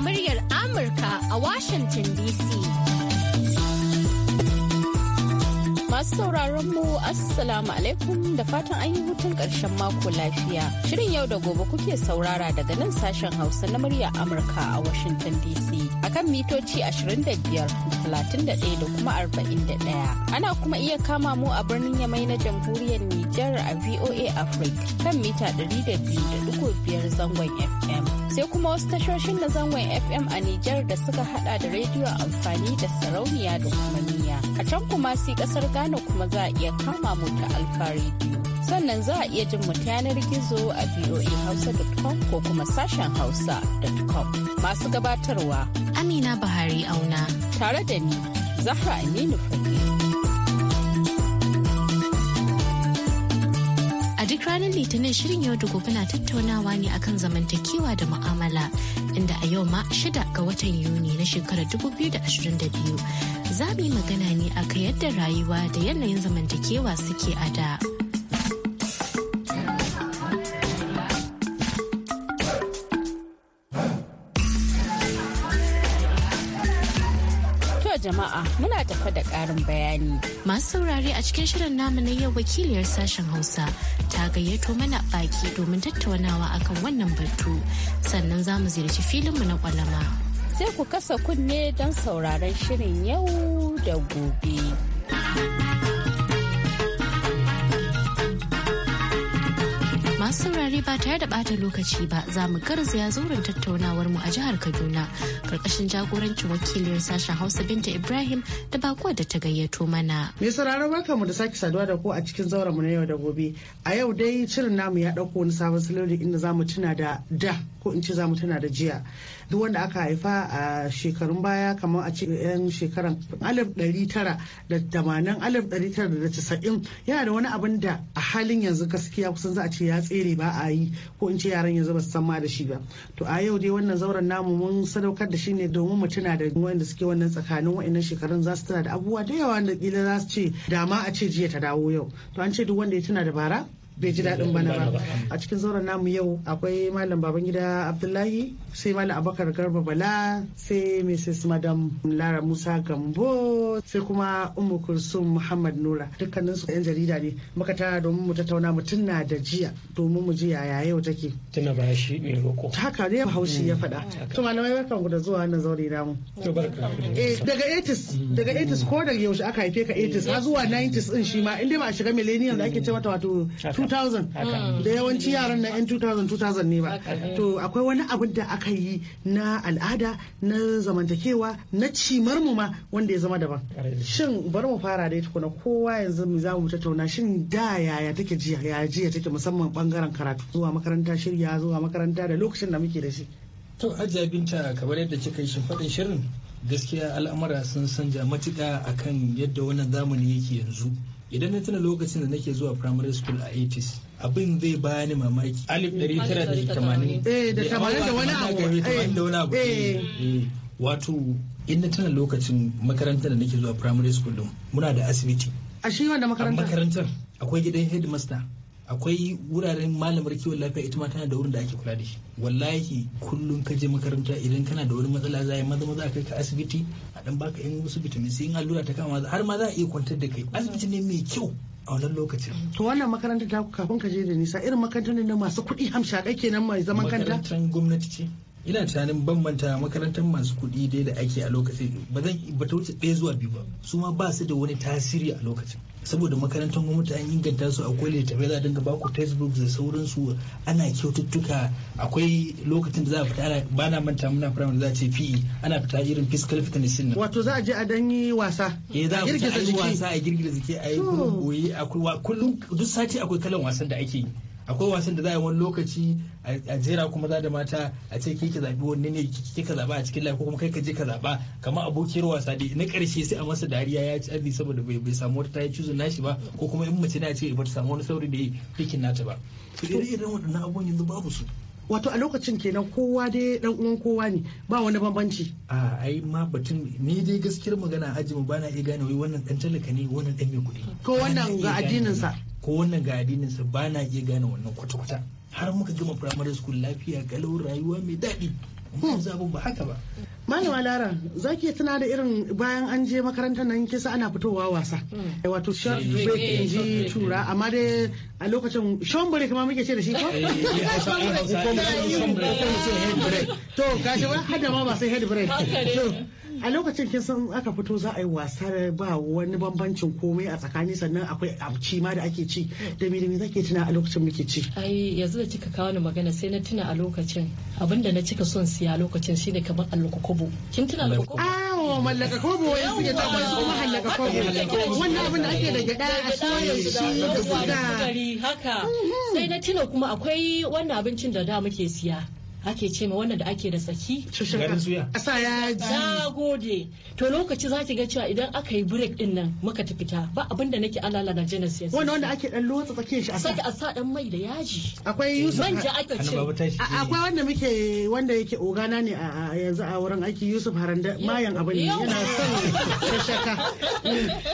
muryar Amurka daga a Washington DC. Masu sauraron mu Assalamu alaikum da fatan an yi hutun ƙarshen mako lafiya. Shirin yau da gobe kuke saurara daga nan sashen Hausa na murya Amurka a Washington DC akan mitoci 25 31 da kuma 41. Ana kuma iya kama mu a birnin Yamai na jamhuriyar Nijar a VOA Africa kan mita 200.5 zangon FM. Sai kuma wasu tashoshin na zangon FM a Nijar da suka hada da rediyo amfani da sarauniya da kuma niya. A can kuma sai kasar Ghana Kano kuma za a iya kama mu ta Alfa Sannan za a iya jin mu ta yanar gizo a voahausa.com ko kuma sashen hausa.com. Masu gabatarwa Amina Buhari Auna. Tare da ni, Zahra Aminu Fulmi. A duk ranar Litinin shirin yau da gobe na tattaunawa ne akan zamantakewa da mu'amala inda a yau ma shida ga watan Yuni na shekarar 2022 za mu yi magana ne akan yadda rayuwa da yanayin zamantakewa suke a da. muna tafa da ƙarin bayani. Masu saurare a cikin shirin namu na yau wakiliyar sashen Hausa ta gayyato mana baki domin tattaunawa akan wannan batu sannan za mu ziyarci mu na kwalama. Sai ku kasa kunne don sauraron shirin yau da gobe. masu saurare ba tare da bata lokaci ba za mu garzaya zauren tattaunawar mu a jihar kaduna karkashin jagorancin wakilin sashen hausa binta ibrahim da bakuwa da ta gayyato mana mai sauraron barka mu da sake saduwa da ku a cikin zauren mu na yau da gobe a yau dai shirin namu ya dauko wani sabon salori inda za mu tuna da da ko in ce za mu tuna da jiya duk wanda aka haifa a shekarun baya kamar a ce yan shekaran alif ɗari tara da tamanin alif ɗari tara da casa'in yana da wani abin da a halin yanzu gaskiya kusan za a ce ya tsaye ne ba a yi ko in ce yaran yanzu ba su san ma da shi ba to a yau dai wannan zauren namu mun sadaukar da shi ne domin mu tuna da wanda suke wannan tsakanin wa'annan shekarun za su tuna da abubuwa da yawa da kila za su ce dama a ce jiya ta dawo yau to an ce duk wanda ya tuna da bara bai ji daɗin bana ba a cikin zauren namu yau akwai malam babangida abdullahi sai malam abakar garba bala sai mrs madam lara musa gambo sai kuma umu kulsum muhammad nura dukkanin su yan jarida ne muka tara domin mu tattauna mu tunna da jiya domin mu ji yaya yau take tuna ba shi ne roko haka ne haushi ya faɗa mm, to malamai barkan ku da zuwa wannan zaure namu eh daga 80s daga 80s ko daga yaushe aka haife ka 80s har zuwa 90s din shi ma inda ba a shiga millennium da ake cewa wato 2000 da yawanci yaran na yan 2000 2000 ne ba to akwai wani abin da aka yi na al'ada na zamantakewa na cimar mu ma wanda ya zama daban shin bari mu fara dai tukuna kowa yanzu mu za mu tattauna shin da yaya take jiya ji jiya take musamman bangaren karatu zuwa makaranta shirya zuwa makaranta da lokacin da muke da shi to ajiya binta kamar yadda kika yi shirin gaskiya al'amura sun sanja matuƙa akan yadda wannan zamani yake yanzu idan na tuna lokacin da nake zuwa primary school a 80s abin zai bani mamaki alif 1980 eh da 80 eh, da wani abu eh, eh. eh wato in na tuna lokacin makarantar da nake zuwa primary school din muna da asibiti a shi wanda makarantar akwai gidan headmaster akwai wuraren malamar kiwon lafiya ita ma tana da wurin da ake kula da shi wallahi kullum ka je makaranta idan kana da wani matsala za a maza maza a kai ka asibiti a dan baka yan wasu vitamin C in allura ta kama har ma za a iya kwantar da kai asibiti ne mai kyau a wannan lokacin. To wannan makarantar ta kafin ka je da nisa irin makarantar ne na masu kuɗi hamshaƙai kenan mai zaman kanta? Makarantar gwamnati ce. ina tunanin bambanta makarantar masu kuɗi dai da ake a lokacin ba zan ba ta wuce ɗaya zuwa biyu ba su ma ba su da wani tasiri a lokacin saboda makarantar gwamnati an inganta su akwai littafai za a dinga baku textbooks da sauransu ana kyaututtuka akwai lokacin da za a fita ana ba na manta muna firamare za a ce fi e. ana fita irin fiscal fitness din wato za a je a dan yi wasa eh za a fita a yi wasa a girgiza jiki a yi hmm. gurin akwai kullum duk sati akwai kalan wasan da ake yi akwai wasan da za a yi wani lokaci a jera kuma za da mata a ce ke ki zabi wanne ne ke ka zaɓa a cikin lafiya kuma kai ka je ka zaɓa kamar abokiyar wasa dai na ƙarshe sai a masa dariya ya ci azi saboda bai samu wata yi cizon nashi ba ko kuma in mace na ce ba ta samu wani sauri da ya fikin nata ba to irin irin waɗannan abubuwan yanzu babu su wato a lokacin kenan kowa dai dan uwan kowa ne ba wani bambanci a ai ma batun ni dai gaskiyar magana aji ba na iya gane wai wannan dan talaka ne wannan dan mai kuɗi ko wannan ga addinin sa ko wannan ga addinin sa ba iya gane wannan kwata kwata har muka gama primary school lafiya galau rayuwa mai daɗi yanzu abin ba haka ba malama lara za ki tuna da irin bayan an je makarantar nan kisa ana fitowa wasa mm. wato short eh, break in ji tura amma dai a lokacin shon break ma muke ce da shi ko eh, eh, to gashi ba hada ma ba sai head break a lokacin kin san aka fito za a yi wasa ba wani bambancin komai a tsakani sannan akwai abci ma da ake ci da me da me zake tuna a lokacin muke ci ai yanzu da kika kawo ni magana sai na tuna a lokacin abinda na cika son siya a lokacin shine kamar kobo kin tuna alkokobo wa mallaka kobo wai suke ta su kuma hallaka kobo wannan abin da ake da gada a soya shi da suga haka sai na tuna kuma akwai wannan abincin da da muke siya ake ce ma wannan da ake da saki garin suya asa ya jagode gode to lokaci za ki ga cewa idan aka yi break din nan muka ta fita ba abin da nake alala na jenis yanzu wanda wanda ake dan lotsa tsakiyar shi a saka a sa dan mai da yaji akwai yusuf manja aka ce akwai wanda muke wanda yake ogana ne a yanzu a wurin aiki yusuf haranda mayan abin ne yana son da shaka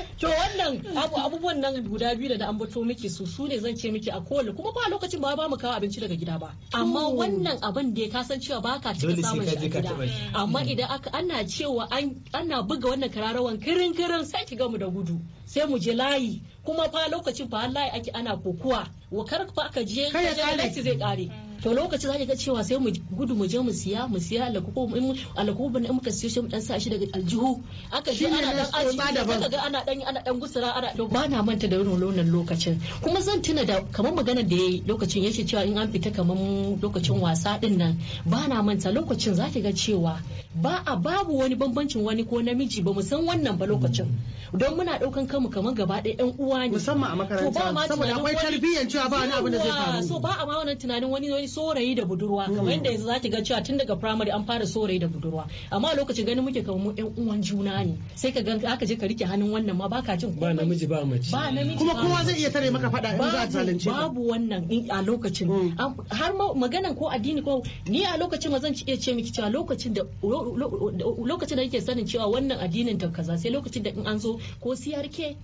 to wannan abubuwan nan guda biyu da an bato miki su su ne zan ce miki a kowane kuma ba lokacin ba ba mu kawo abinci daga gida ba amma wannan abin da ya kasan cewa ba ka cika samun shi a gida amma mm. idan aka ana cewa ana buga wannan kararrawan kirin kirin sai ki gamu da gudu sai mu je layi kuma fa lokacin fa layi ake ana kokuwa wa kar fa aka je kaje zai kare mm. to lokaci za ki ga cewa sai mu gudu mu je mu siya mu siya alakubu in alakubu mu muka siyo shi mu dan sa shi daga aljihu aka shi ana dan aji ka ga ana dan ana dan gusura ana dan ba na manta da wannan lokacin kuma zan tuna da kamar maganar da yayi lokacin yace cewa in an fita kamar lokacin wasa din nan ba na manta lokacin za ki ga cewa ba a babu wani bambancin wani ko namiji ba mu san wannan ba lokacin don muna daukan kanmu kamar gaba ɗaya ɗan uwa ne musamman a makaranta saboda akwai tarbiyyar cewa ba wani abin da zai faru so ba a ma wannan tunanin wani sorayi da budurwa kamar hmm. yadda yanzu zaki ga cewa tun daga primary an fara sorayi da budurwa amma lokacin ganin muke kamar mu yan uwan juna ne sai ka ga aka je ka rike hannun wannan ma baka jin ba namiji ba mace ba namiji kuma kowa zai iya tare maka fada in za a zalunce babu wannan a lokacin hmm. har maganan ko addini ko ni a lokacin ma zan iya ce miki cewa lokacin da lokacin da kike sanin cewa wannan addinin ta kaza sai lokacin da in an zo ko CRK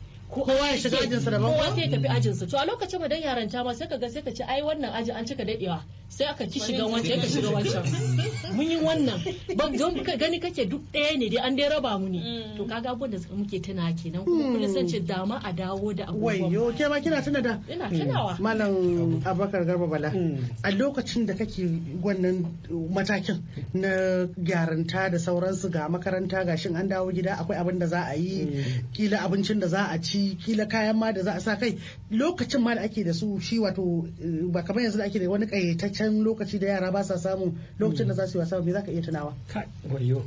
kowa ya shiga ajinsa daban kowa sai ya tafi ajinsa to a lokacin mu dan yaranta ma sai ka ga sai ka ce ai wannan aji an cika dadewa sai aka ki shiga wancan ka shiga wancan mun yi wannan ba don ka gani kake duk ɗaya ne dai an dai raba mu ne mm. to kaga abun da muke tuna kenan kuma kullum san ce dama a dawo da wai yo ke ma kina tuna da ina tunawa mm. malam Abubakar Garba Bala a lokacin da kake wannan matakin na gyaranta da sauransu ga makaranta gashin an dawo gida akwai abin da za a yi mm. kila abincin da za a ci kila kayan ma da za a sa kai lokacin ma da ake da su shi wato eh, ba kamar yanzu da ake da wani kayataccen lokaci da yara ba sa samu lokacin da za su yi wasa me za ka iya tunawa wayo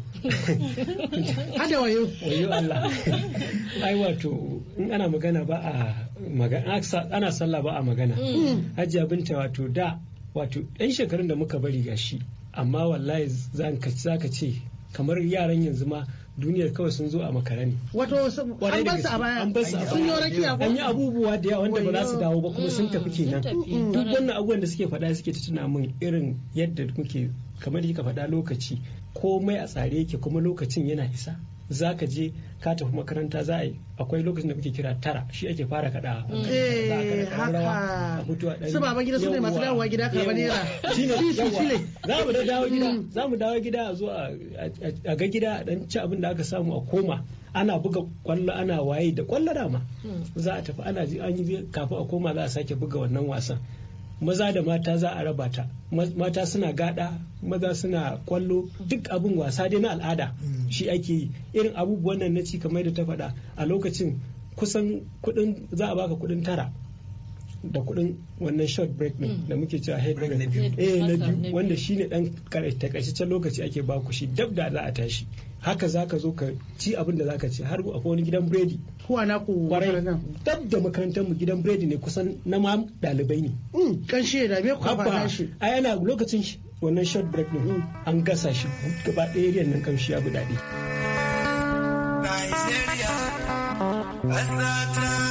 hada wayo wayo Allah ai wato in ana magana ba a magana ana sallah ba a magana mm. hajji abinta wato da wato ɗan shekarun da muka bari gashi amma wallahi za ka ce kamar yaran yanzu ma duniyar kawai sun zo a makarani wato an ba su a baya an ba su a baya an yi abubuwa da yawa wanda ba za su dawo ba kuma sun tafi kenan duk wannan abubuwan da suke faɗa suke tuna min irin yadda muke kamar da kika faɗa lokaci komai a tsare yake kuma lokacin yana isa za ka je ka tafi makaranta za a yi akwai lokacin da muke kira tara shi ake fara kada mm. a eh, mutuwa ɗari su baban gida su ne masu dawowa gida karɓar naira za mu dawo gida mm. za mu dawo gida a zo a ga gida a ɗan ci abin da aka samu a koma ana buga kwallo ana waye da kwallo dama mm. za a tafi ana ji an yi kafin a koma za a sake buga wannan wasan maza da mata za a raba ta mata suna gada maza suna kwallo duk abin wasa dai na al'ada mm. shi ake yi irin abubuwan nan na ci kamar da ta faɗa a lokacin kusan kuɗin za a baka kuɗin tara da kuɗin wannan short break ne mm. da muke cewa head break eh na biyu wanda shi ne dan takaitaccen lokaci ake ba ku shi dab da za a tashi haka za ka zo ka ci abin da za ka ci har akwai wani gidan biredi kuwa na ku kwarai dab da makarantar mu gidan biredi ne kusan na ma dalibai ne kanshi mm, da me ku fara shi a yana lokacin wannan short break ne mm. an gasa shi gaba ɗaya riyan nan kamshi ya bi daɗi Nigeria,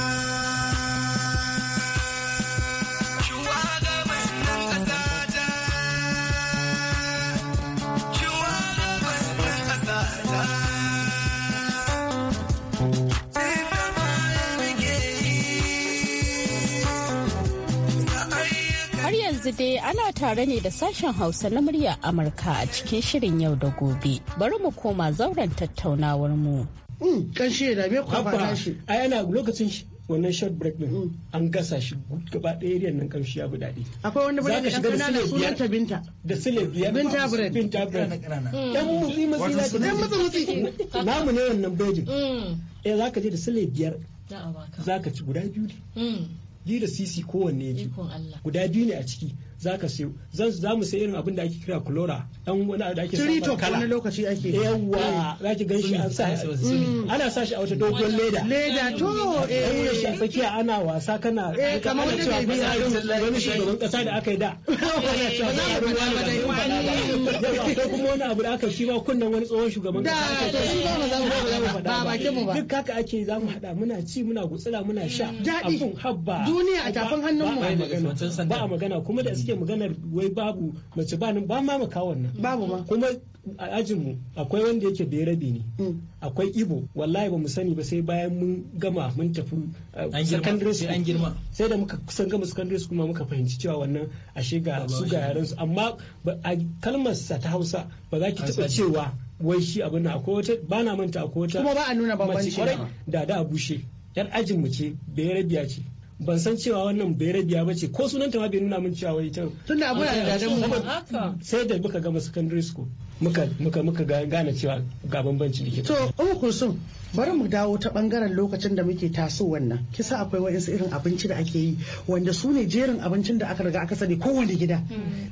yanzu dai ana tare ne da sashen Hausa na murya Amurka a cikin shirin yau da gobe. Bari mu koma zauren tattaunawar mu. Hmm, shi da me kwa fata shi. Ai ana lokacin wannan short break din hmm. an gasa shi gaba ɗaya area nan shi ya bi daɗi. Akwai wanda ba da shiga da sunanta Binta. Da sile biyar. Binta bread. Binta bread. Dan mutsi mutsi na hmm. dan mutsi mutsi. Namu ne wannan bejin Eh zaka je da sile biyar. Za ka ci guda biyu ne. yi da sisi kowanne yake guda biyu ne a ciki za ka siyo za mu sayi irin abin da ake kira kulora dan wani da ake sayi kala kana lokaci ake yawa mm. za ki ganshi an sa ana sa shi a wata dogon leda leda to eh ya shi tsakiya ana wasa kana eh, kamar wani cewa wani shugaban kasa da aka yi da ko kuma wani abu da aka shi ba kunnan wani tsohon shugaban kasa da shi ba za mu ba ba bakin mu ba duk haka ake za mu hada muna ci muna gutsira muna sha abun habba duniya a tafin hannun mu ba magana kuma da suke maganar wai babu mace ba ba ma wannan babu ma kuma a ajinmu akwai wanda yake berabi ne mm. akwai ibo wallahi ba mu sani ba sai bayan mun gama mun tafi uh, secondary school an girma sai da muka kusan gama secondary school kuma muka fahimci cewa wannan ashe ga su ga yaran su amma a kalmar sa ta Hausa ba za ki taba cewa wai shi abin nan akwai wata ba na manta akwai wata kuma ba a nuna bambanci da da a bushe yar ajin mu ce berabiya ce ban san cewa wannan bai ba ce ko sunanta ma bai nuna min cewa wai can tunda abu da dadan mu sai da muka gama secondary school muka muka muka gane cewa ga bambanci dake to umu kulsum bari mu dawo ta bangaren lokacin da muke taso wannan kisa akwai wa'insu irin abinci da ake yi wanda su ne jerin abincin da aka riga aka sani kowane gida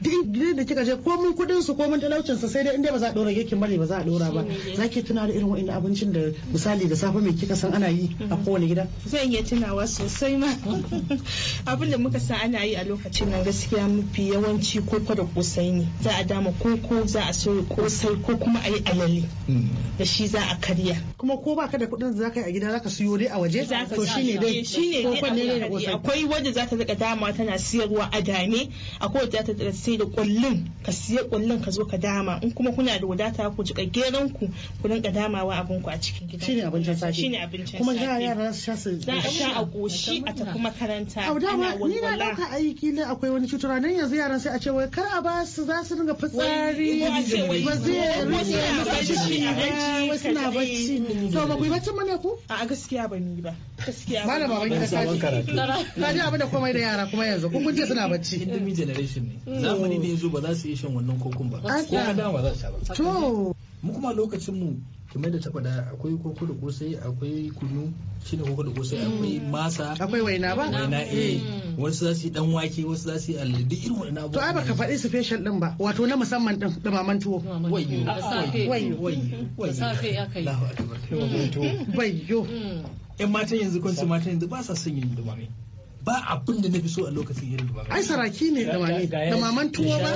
duk gida da kika je komin kudin su komin talaucin sa sai dai inda ba za a dora yakin bane ba za a dora ba zaki tuna da irin wa'in abincin da misali da safe mai kika san ana yi a mm-hmm. kowane gida zan iya tunawa sosai ma abin da muka san ana yi a lokacin nan gaskiya mafi yawanci koko da kosai ne za a dama koko za a soya kosai ko kuma a yi alale mm. da shi za a karya kuma ko ba baka da kuɗin zaka yi a gida zaka siyo dai a waje to shine dai shine dai akwai waje zaka rika dama tana siyarwa a dame akwai wanda ta rika sai da kullun ka siya kullun ka zo ka dama in kuma kuna da wadata ku jika geran ku ku rinka damawa abin ku a cikin gida shine abincin safe shine abincin safe kuma za yara su sha su sha a koshi a tafi makaranta ana walwala ni na dauka aiki ne akwai wani cutura nan yanzu yaran sai a ce wai kar a ba su za su dinga fitsari ba zai rike musu bacci ba suna bacci to ba ku yi ne mana ku a gaskiya ba ni ba gaskiya ba na kasa gida kaji abu abin da komai da yara kuma yanzu kun kunje suna bacci indimi generation ne mm. zamani ne yanzu ba za su yi shan wannan kokun ba ko ka dama za su sha ba to mu kuma lokacin mu kamar da ta faɗa akwai koko da kosai akwai kunu shine koko da kosai mm. akwai masa akwai waina ba waina eh mm. wasu za su yi dan wake wasu za su yi alli duk irin wannan abubuwa to ai baka faɗi special din ba wato na musamman din dumaman tuwo wayyo wayyo wayyo safe akai Allahu akbar mm. wayyo yan matan yanzu kun su matan yanzu ba sa son yin dumame ba abin da na fi so a lokacin irin duba ai saraki ne da wani da maman tuwo ba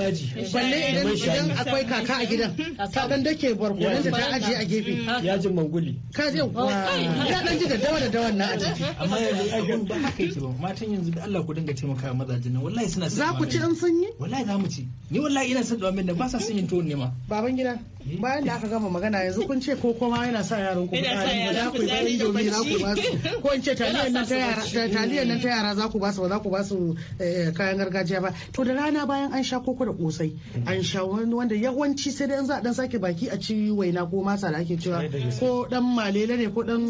balle idan idan akwai kaka a gidan ta dan dake da ta ajiye a gefe mm. ji manguli ka je wa ta dan ji da dawa da dawan na a ciki amma yanzu abin ba haka yake ba matan yanzu da Allah ku dinga taimaka mazajin nan wallahi suna za ku ci an sanyi wallahi za mu ci ni wallahi ina son da ba sa sanyin tuwon ne ma baban gida Eh? bayan da aka gama magana yanzu kun ce ko kuma yana sa yaran ku fitsari ba za ku yi ba indomi za ku ba su ko in ce taliyan nan ta yara taliyan nan ta yara za ku ba su ba za ku ba su eh, kayan gargajiya ba to da rana bayan an sha koko da kosai an sha wanda yawanci sai dai an za dan sake baki a ci waina ko masa da ake cewa ko dan malele ne ko dan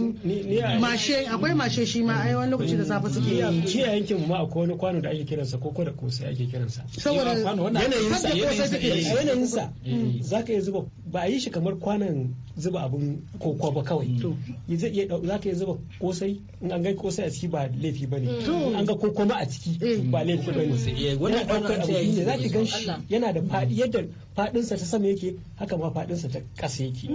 mashe akwai mashe shi ma ai wani lokaci da safe suke yi ci a yankin ma akwai wani kwano da ake kiransa koko da kosai ake kiransa saboda yanayin sa yanayin sa yanayin sa mm. zaka iya zuba ba a yi shi kamar kwanan zuba abin koko ba kawai mm. za ka yi zuba kosai an ga kosai a ciki ba laifi ba ne mm. an ga koko a ciki mm. ba laifi ba ne eh, yana ɗaukar abu ne za ki gan shi yana da faɗi yadda faɗinsa ta sama yake haka ma faɗinsa ta ƙasa yake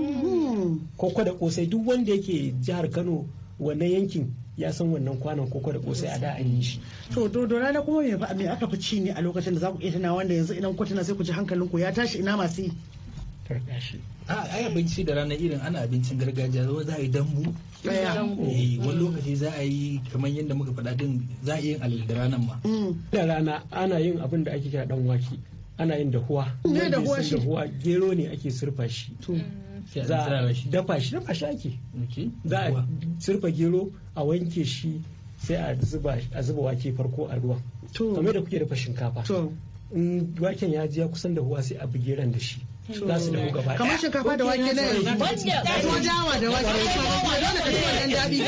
koko da kosai duk wanda yake jihar kano wannan yankin ya san wannan kwanan koko da kosai a da an yi shi. To dodo rana kuma me aka fi ci ne a lokacin da za ku iya tana wanda yanzu idan ku sai ku ji hankalin ku ya tashi ina masu yi. tarka a ai abinci da ranar irin ana abincin gargajiya zuwa za a yi dambu eh, wani lokaci za a yi kamar yadda muka faɗa din za a yi yin alal da ranar ma mm. da rana ana yin abin da ake kira dan wake ana yin dahuwa dahuwa shi dahuwa gero ne ake surfa shi za mm. a dafa shi dafa shi ake za a surfa gero a wanke shi sai a zuba wake farko a ruwa, kamar da kuke dafa shinkafa in waken ya ji ya kusan dahuwa sai a bugi ran da shi za su dahu gaba kamar shinkafa da wake na yanzu Kuma dawa da wake dole ka ci wannan daɗi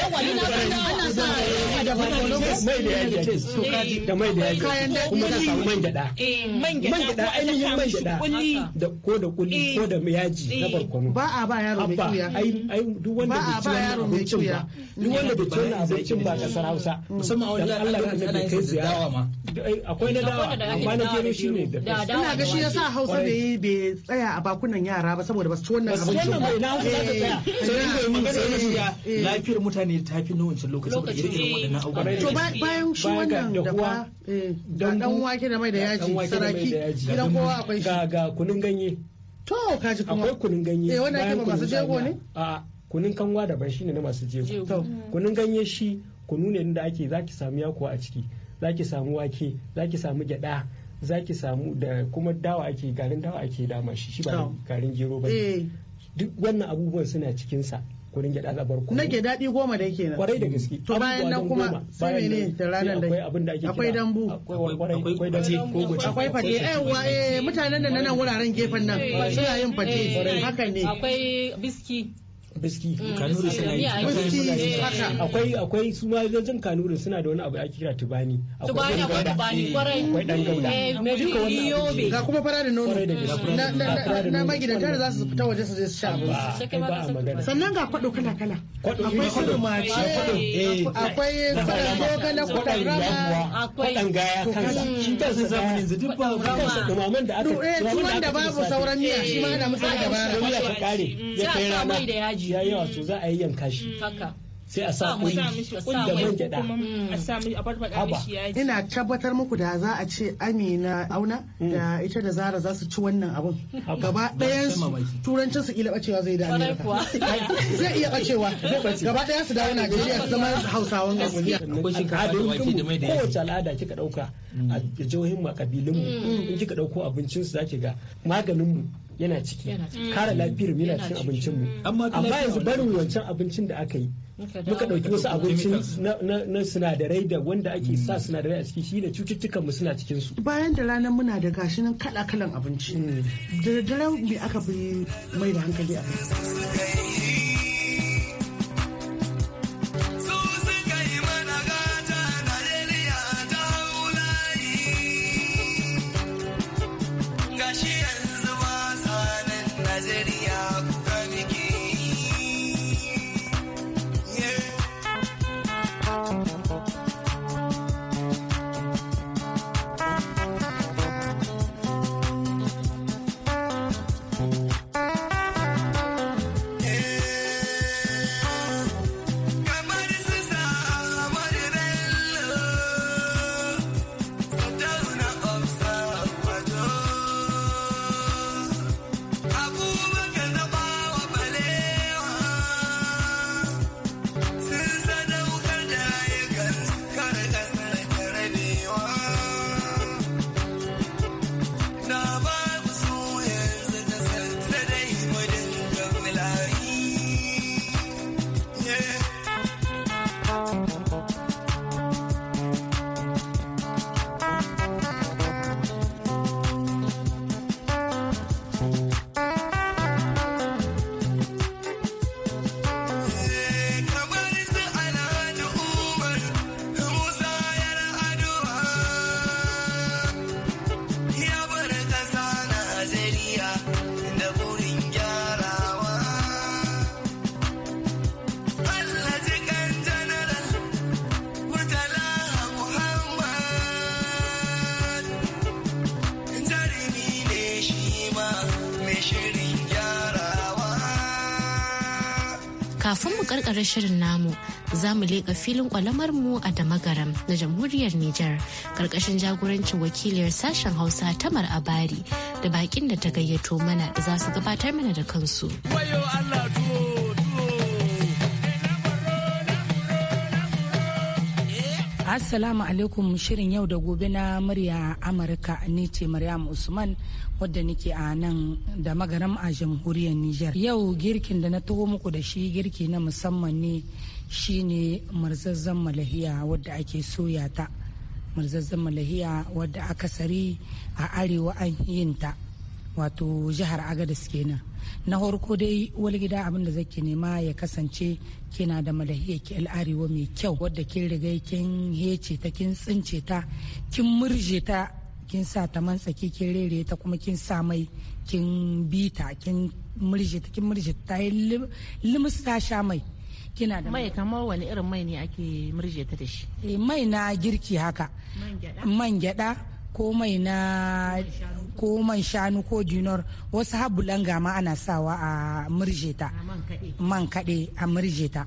ana sa da mai da yaji eh. da mai da yaji kayan daɗi kuma na samu eh, man gyaɗa man gyaɗa ainihin man gyaɗa da ko da kulli eh. ko da yaji na barkono ba a ba yaro mai kuya ai duk wanda bai ci wannan abincin ba duk wanda bai ci wannan abincin ba kasar Hausa mm. musamman a wajen Allah da annabi kai ziyara akwai na dawa amma na gero shine da ina ga shi yasa Hausa bai tsaya tsaya a bakunan yara ba saboda ba su wannan abin wannan bai na hausa ta tsaya eh, sai magana ya eh. lafiyar mutane ta fi na wancan lokacin da irin wadannan abubuwa to bayan shi wannan da ba da eh, dan wake da mai da yaji saraki gidan kowa akwai shi ga kunun ganye to kaji kuma akwai kunun ganye eh wannan yake masu jego ne a kunun kanwa da ban shine na masu jego mm. kunun ganye shi kunu ne da ake zaki samu yakuwa a ciki zaki samu wake zaki samu gyada za ki samu da kuma dawa ake garin dawa ake dama shi shi ba garin gero ba eh. duk wannan abubuwan suna cikinsa kurin da barku Na ke daɗi goma da na. kwarai da gaske to bayan nan kuma sai ne da ranar da akwai abin da ake akwai dambu akwai dace ko goce akwai fate yawa eh, eh mutanen da nan wuraren gefen nan suna yin fate hakan ne akwai biski biski mm, kanuri suna yi akwai akwai su ma jin kanuri suna da wani abu ake kira tubani akwai tubani akwai dan gauda eh, akwai dan gauda eh, ga kuma fara da nono na na magidanta da za su fita waje su je su sha abu sannan ga kwado kala kala akwai su eh, mace akwai kwadan dogana kwadan rama akwai dan gaya kan shi ta sun samu ne zudu ba kansa dumaman da aka dumaman da babu sauran miya shi ma ana musu da bara ya kai rana da yaji shi ya yawa to za a yi yanka shi mm. sai a sa kuli da man gyada ina tabbatar muku da za a ce amina auna mm. da ita da zara za su ci wannan abun gaba ɗayan su turancin su ila bacewa zai da Amina. zai iya bacewa gaba ɗaya su dawo najeriya su zama hausawan gabuliya kowace al'ada kika ɗauka a mm. jihohin mu a kabilun in kika ɗauko abincinsu za zaki ga maganinmu. yana ciki kare lafiyar mu yana cikin abincin mu mm. amma yanzu barin wancan abincin da aka yi muka ɗauki wasu abincin na sinadarai da wanda ake sa mm. sinadarai a ciki shi ne cututtukan mu suna cikin su bayan da ranar muna da gashi nan kala kalan abinci mm. da daren me aka bi mai da hankali a kai karkare shirin namu za mu leƙa filin mu a damagaram na jamhuriyar Nijar karkashin jagorancin wakiliyar sashen Hausa Tamar Abari da bakin da ta gayyato mana da za su gabatar mana da kansu. Assalamu alaikum shirin yau da gobe na murya Amurka ni ce Maryam Usman wadda nake a nan da magaram a jamhuriyar Nijar. Yau girkin da na taho muku da shi girki na musamman ne shi ne marzazzan malahiya wadda ake soya ta. Marzazzan malahiya wadda akasari a arewa an yin ta wato jihar agadis kenan na farko dai wani gida abin da zake nema ya kasance kina da malahiyar ki al'arewa mai kyau wadda kin riga kin hece ta kin tsince ta kin murje ta kin sa ta mantsaki kin rere ta kuma kin sa mai kin bita kin murje ta kin murje ta yi limus ta sha mai kina da mai kamar wani irin mai ne ake murje ta da shi eh, mai na girki haka man gyada ko mai na ko man shanu ko dinor wasu habulan gama ana sawa a murjeta man kaɗe a murjeta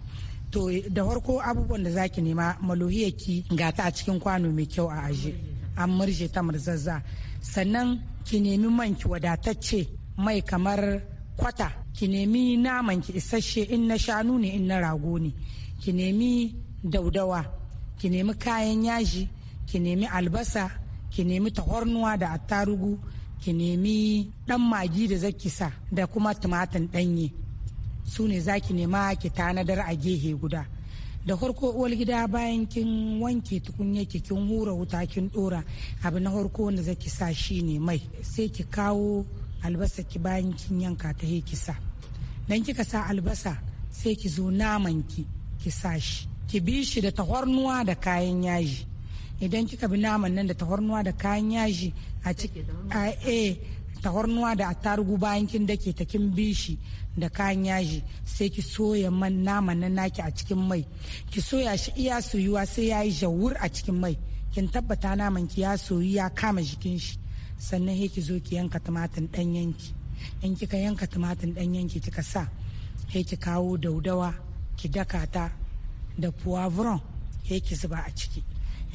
to da farko abubuwan da zaki nema malohiyaki ga ta a cikin kwano mai kyau a aje a murje ta murzazza sannan ki nemi man ki wadatacce mai kamar kwata ki nemi naman ki isasshe in na shanu ne in na rago ne ki nemi daudawa ki nemi kayan yaji ki nemi albasa ki nemi tahornuwa da attarugu ki nemi dan magi da zaki sa da kuma tumatin ɗanye su ne za ki nema ki tanadar a gehe guda da farko uwar gida bayan kin wanke tukunya ki kin hura wuta kin dora abu na farko wanda zaki sa ne mai sai ki kawo albasa ki bayan kin yanka ta he ki sa dan kika sa albasa sai ki zo naman ki ki sa shi ki bi shi da tahornuwa da kayan yaji idan kika bi naman nan da tafarnuwa da kayan yaji a cikin eh, tafarnuwa da attarugu bayan kin dake ta kin bishi da kayan yaji sai ki soya man naman nan naki a cikin mai ki soya shi iya soyuwa sai yayi jawur a cikin mai kin tabbata naman ki ya soyu ya kama jikin shi sannan he ki zo ki yanka tumatir ɗanyen ki in kika yanka tumatir ɗanyen ki kika sa he ki kawo daudawa ki daka ta da puwavron he ki zuba a ciki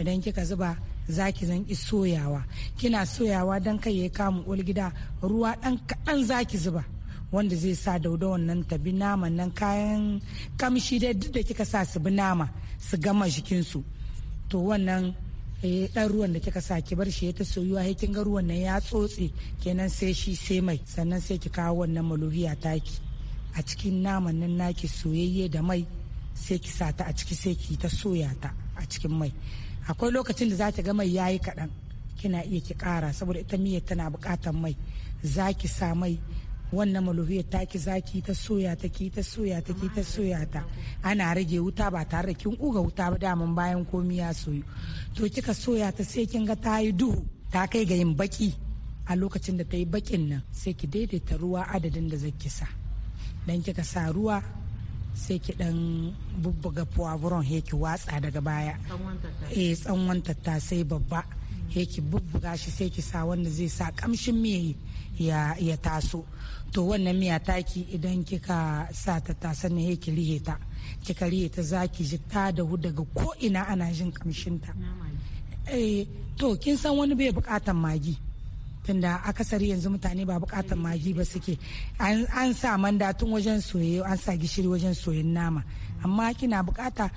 idan kika zuba zaki ki zan ki soyawa kina soyawa don kai ya kamun olgida ruwa ɗan kaɗan za zuba wanda zai sa Dauda wannan ta bi naman nan kayan kamshi da duk da kika sa su bi nama su gama jikinsu to wannan dan eh, ruwan da kika sa ki bar shi ya ta soyuwa ya kin ga ruwan nan ya tsotse kenan sai shi sai mai sannan sai ki kawo wannan maluhiya taki a cikin naman nan naki soyayye da mai sai ki sa ta a ciki sai ki ta soya ta a cikin mai akwai lokacin da za ta ga mai yayi kaɗan kina iya ki ƙara saboda ita miyar tana buƙatar mai za ki sa mai wannan maluhiyar taki zaki ta soya ta ki ta soya ta ki ta soya ta ana rage wuta ba tare da kin ƙuga wuta ba daman bayan komi ya soyu to kika soya ta sai kin ga ta yi duhu ta kai ga yin baki a lokacin da ta yi bakin nan sai ki daidaita ruwa adadin da zai kisa dan kika sa ruwa sai ki dan bubbuga puwavuron he watsa daga baya eh tsawon tattasai babba he bubbuga shi sai ki sa wanda zai sa kamshin miya ya, ya taso to wannan miya taki idan kika sa tattasan ne he ki rihe ta kika rihe ta zaki ji ta dahu daga ko ina ana jin kamshin ta eh to kin san wani bai bukatan magi tunda akasari yanzu mutane ba bukatan magi ba suke an sa mandatun wajen soye an sa gishiri wajen soyin nama amma kina bukata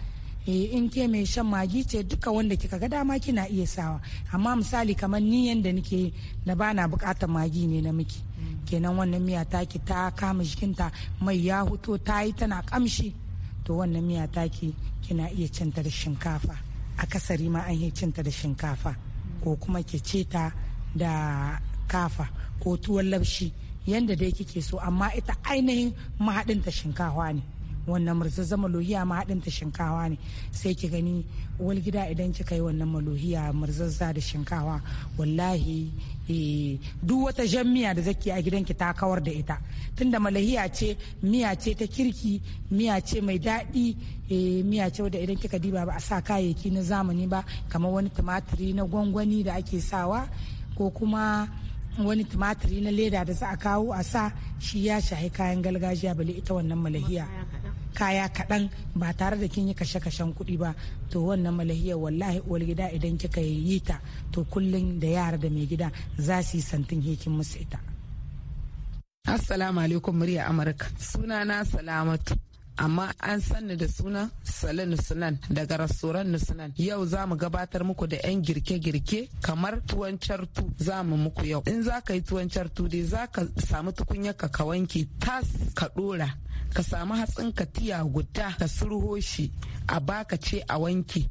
eh, in ke mai shan magi ce duka wanda kika ga dama kina iya sawa amma misali kamar ni yanda nake na ba na bukatar magi ne na miki kenan wannan miya taki ta kama jikinta mai ya huto ta yi tana kamshi to wannan miya taki kina iya cinta da shinkafa akasari ma an yi cinta da shinkafa ko kuma ke ce ta da kafa ko tuwon labshi yadda dai kike so amma ita ainihin mahaɗin ta shinkawa ne wannan murzaza malohiya mahaɗin ta shinkawa ne sai ki gani wal gida idan kika yi wannan malohiya murzazza da shinkawa wallahi eh, duk wata jan miya da zaki a gidanki ta kawar da ita tunda malahiya ce miya ce ta kirki miya ce mai daɗi eh, miya ce wadda idan kika diba ba a sa kayayyaki na zamani ba kamar wani tumatiri na gwangwani da ake sawa ko kuma wani tumatiri na leda da za a kawo a sa shi ya shahi kayan galgajiya bale ita wannan malahiya kaya kaɗan ba tare da kin yi kashe-kashen kuɗi ba to wannan malahiya wallahi uwar gida idan kika yi ta to kullum da yara da mai gida za su yi santin hekin musu ita assalamu alaikum murya amurka sunana salamatu amma an sanni da suna sale nusunan daga rastoran nusunan yau za mu gabatar muku da 'yan girke-girke kamar tuwon cartu za mu muku yau in za ka yi tuwon cartu dai za ka samu tukunya ka ka wanke tas ka dora ka samu hatsin ka tiya guda ka surho shi a baka ce a wanke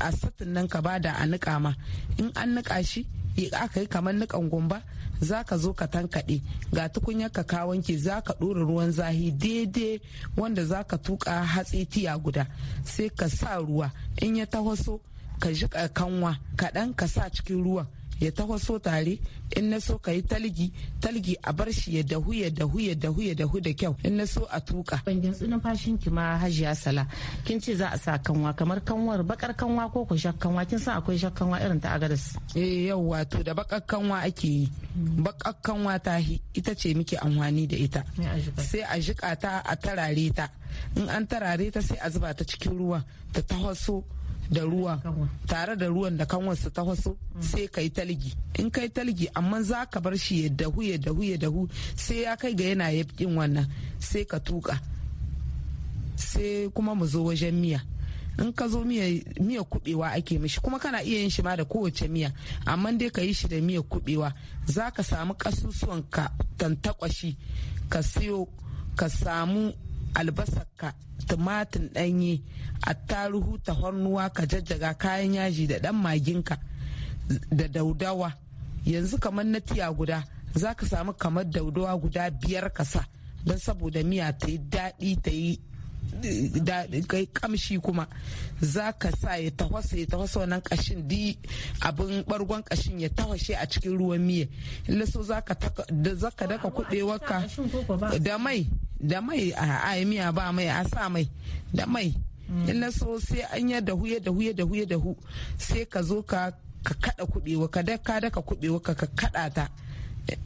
a satin nan ka bada a niƙa ma in an niƙa shi aka yi kamar niƙan gumba za ka zo ka tankaɗe ga tukunyar ka ka za ka ɗora ruwan zahi daidai wanda za ka tuƙa hatsi tiya guda sai ka sa ruwa in ya taho so ka jiƙa kanwa kaɗan ka sa cikin ruwan ya taho tare in na so ka yi talgi talgi a bar shi ya dahu ya dahu ya dahu ya dahu da kyau in na so a tuka ban gintsu fashin ki ma hajiya sala kin ce za a sa kanwa kamar kanwar bakar kanwa ko ku kanwa kin san akwai kanwa irin ta agadas eh yauwa to da bakar kanwa ake yi bakar kanwa ta ita ce muke amfani da ita sai a jika ta a tarare ta in an tarare ta sai a zuba ta cikin ruwa ta taho so da ruwa tare da ruwan da kanwarsa ta wasu sai kai talgi in kai talgi amma za ka bar shi ya dahu ya dahu ya dahu sai ya kai ga yana yabkin wannan sai ka tuka sai kuma mu zo wajen miya in ka zo miya kubewa ake mishi kuma kana iya yin shi ma da kowace miya amma dai ka yi shi da miya kubewa za ka samu kasusuwan ka tantakwashi ka siyo ka samu albasarka tumatin ɗanye ta hannuwa ka jajjaga kayan yaji da ɗan maginka da daudawa yanzu kamar na tiya guda za ka samu kamar daudawa guda biyar kasa sa don saboda miya ta yi daɗi ta yi kai kamshi kuma za ka sa ya tahwasa ya tahwasa wannan kashin di abin bargon kashin ya tahwashe a cikin ruwan miya in za ka daka kuɗewarka da mai da mai a miya ba mai a sa mai da mai in na so sai an da dahu da huye da huye da hu sai ka zo ka kada ka daka daka kubewa ka ka kada ta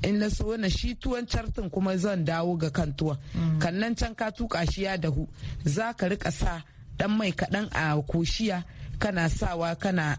in na so wannan shi tuwon cartin kuma zan dawo ga kan tuwon kan nan can ka tuka shi ya dahu za ka rika sa dan mai kaɗan a koshiya kana sawa kana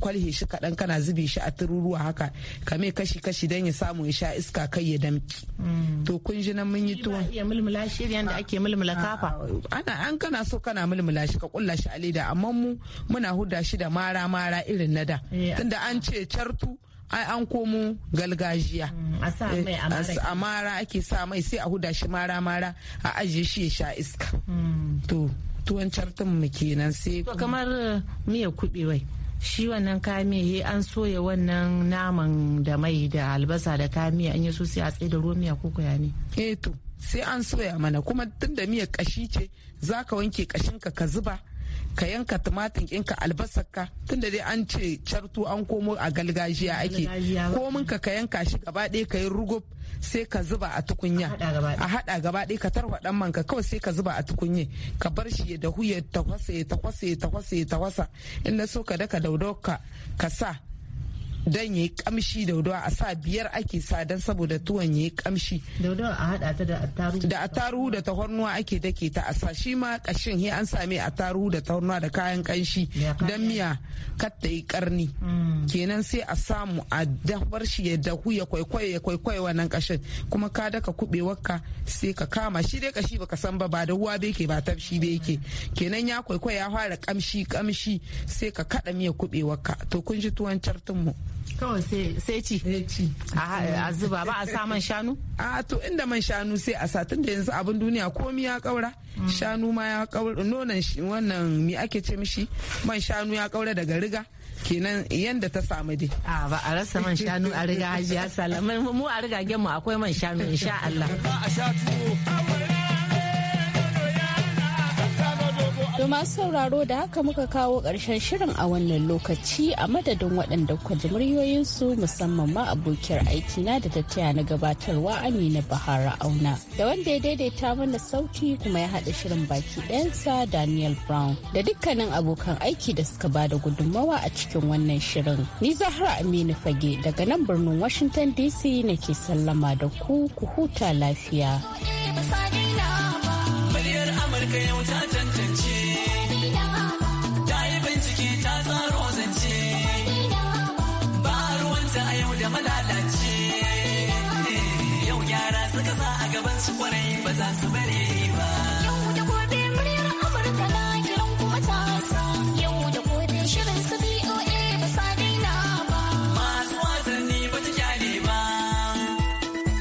kwalhe shi kaɗan kana zubi shi a tururuwa haka ka mai kashi kashi don ya samu ya sha iska kai ya damki mm. to kun ji nan mun yi tuwon iya mulmula shi yadda ah. ake mulmula kafa ana an kana so kana mulmula shi ka kulla shi a leda amma mu muna huda shi da mara mara irin na da eh, tunda an ce cartu ai an komo galgajiya mm, a sa eh, mara ake sa mai sai a huda shi mara mara a ajiye shi ya sha iska mm. to tuwon cartun mu kenan sai kamar eh, miya kuɓewai shi wannan kamiya an soya wannan naman da mai da albasa da kamiya an yi su sai a tsaye da ruwan miya ko kuya ne eh to sai an soya mana kuma tun da miyar kashi ce zaka ka wanke kashinka ka zuba ka yanka tumatir ɗinka albasar ka tunda dai an ce cartu an komo a galgajiya ake komin ka ka yanka shi gaba ɗaya ka yi rugub sai ka zuba a tukunya a hada gaba ɗaya ka tarwa ɗan manka kawai sai ka zuba a tukunya ka bar shi ya dahu ya tafasa ya tafasa ya tafasa ya tafasa in na so ka daka daudau ka sa dan yayi kamshi daudawa a sa biyar ake sa dan saboda tuwon yayi kamshi da a hada da attaruhu da tahornuwa ake dake ta a sa shi ma kashin he an same a taruhu da tahornuwa da kayan kanshi dan miya kar ta yi karni mm. kenan sai a samu a dafar shi ya dahu ya kwaikwayo ya kwaikwayo wannan kashin kuma ka daka wakka sai ka kama shi dai kashi baka san ba ba da ruwa bai ke ba tafshi bai ke kenan ya kwaikwayo ya fara kamshi kamshi sai ka kada miya wakka to kun ji tuwon cartun mu kawai sai ci eh, a zuba ba a sa man shanu a ah, to inda man shanu sai a sa tunda yanzu abin duniya komi ya kaura mm. shanu ma ya kaura nonon wannan mi ake ce mishi man shanu ya kaura daga riga kenan yanda ta samu dai a ah, ba a rasa man shanu a riga hajiya salama mu a riga mu akwai man shanu insha Allah ba a sha tuwo To masu sauraro da haka muka kawo ƙarshen shirin a wannan lokaci a madadin waɗanda kuka ji su musamman ma abokiyar aiki na da tattaya na gabatarwa Amina Bahara Auna. Da wanda ya daidaita mana sauti kuma ya haɗa shirin baki ɗayansa Daniel Brown da dukkanin abokan aiki da suka ba da gudunmawa a cikin wannan shirin. Ni Zahra Aminu Fage daga nan birnin Washington DC nake sallama da ku ku huta lafiya. Amurka yau ta I'm so bari